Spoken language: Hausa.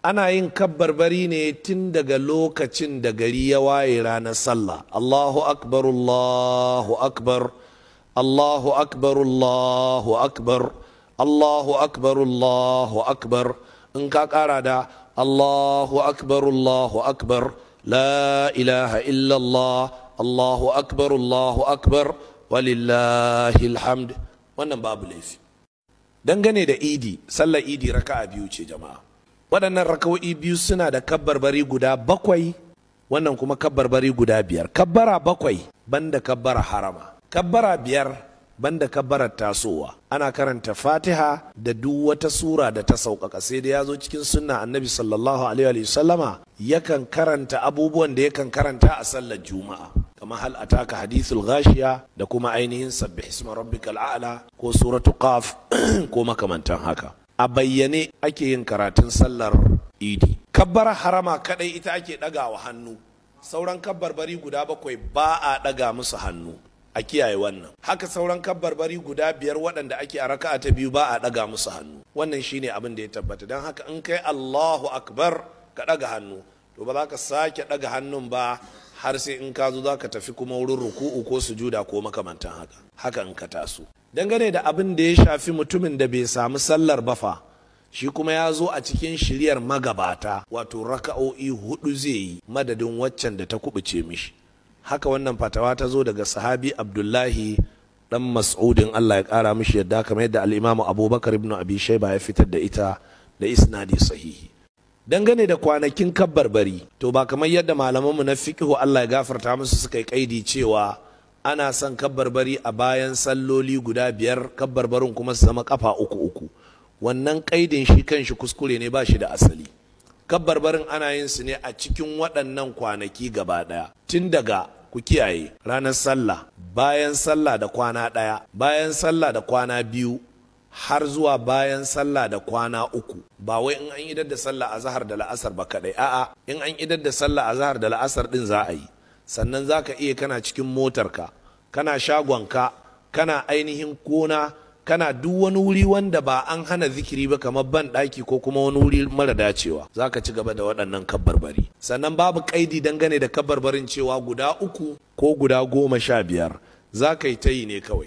ana yin kabbarbari ne tun daga lokacin da gari ya waye ranar sallah Allahu akbar Allahu akbar Allahu akbar Allahu akbar Allahu akbar Allahu akbar in ka kara da Allahu akbar Allahu akbar la ilaha illallah Allahu akbar Allahu akbar walillahi alhamd wannan babu laifi dangane da idi sallar idi raka'a biyu ce jama'a waɗannan raka'o'i biyu suna da kabbarbari guda bakwai wannan kuma kabbarbari guda biyar kabbara bakwai banda kabbara harama kabbara biyar banda kabbarar tasowa ana karanta fatiha da duk wata sura da ta sauƙaƙa sai da ya zo cikin sunna annabi sallallahu alaihi sallama yakan karanta abubuwan da yakan karanta a sallar juma'a kama hal taka hadithul ghashiya da kuma ainihin sabbih isma rabbikal a'la ko suratu qaf ko makamantan haka a bayyane ake yin karatun sallar idi kabbar harama kadai ita ake wa hannu sauran kabbar bari guda bakwai ba a ɗaga musu hannu a kiyaye wannan haka sauran kabbar bari guda biyar waɗanda ake a raka'a ta biyu ba a ɗaga musu hannu wannan shine abin da ya tabbata don haka in kai allahu akbar ka ɗaga hannu to ba za ka sake ɗaga hannun ba har sai in ka zo za tafi kuma wurin ruku'u ko sujuda ko makamantan haka haka in ka taso dangane da abin da ya shafi mutumin da bai samu sallar bafa shi kuma ya zo a cikin shiryar magabata wato raka'o'i hudu zai yi madadin waccan da ta kubuce mishi haka wannan fatawa ta zo daga sahabi abdullahi dan mas'udin Allah ya kara mishi yadda kamar yadda al abubakar ibnu abi shayba ya fitar da ita da isnadi sahihi dangane da kwanakin kabbarbari to ba kamar yadda malamanmu na fiqhu Allah ya gafarta musu suka yi kaidi cewa ana son kabbarbari a bayan salloli guda biyar kabbarbarin kuma su zama kafa uku uku wannan kaidin shi kanshi kuskure ne ba shi da asali kabbarbarin ana yin su ne a cikin waɗannan kwanaki gaba ɗaya tun daga ku kiyaye ranar sallah bayan sallah da kwana ɗaya bayan sallah da kwana biyu har zuwa bayan sallah da kwana uku ba wai in an idar da sallah a zahar da la'asar ba kaɗai. a'a in an idar da sallah a zahar da la'asar din za a yi sannan za ka iya kana cikin motarka kana shagonka kana ainihin kona kana duk wani wuri wanda ba an hana zikiri ba kamar ban ɗaki ko kuma wani wuri mara dacewa za ka ci gaba da waɗannan kabbarbari sannan babu ƙaidi dangane da kabbarbarin cewa guda uku ko guda goma sha biyar za ka yi ta yi ne kawai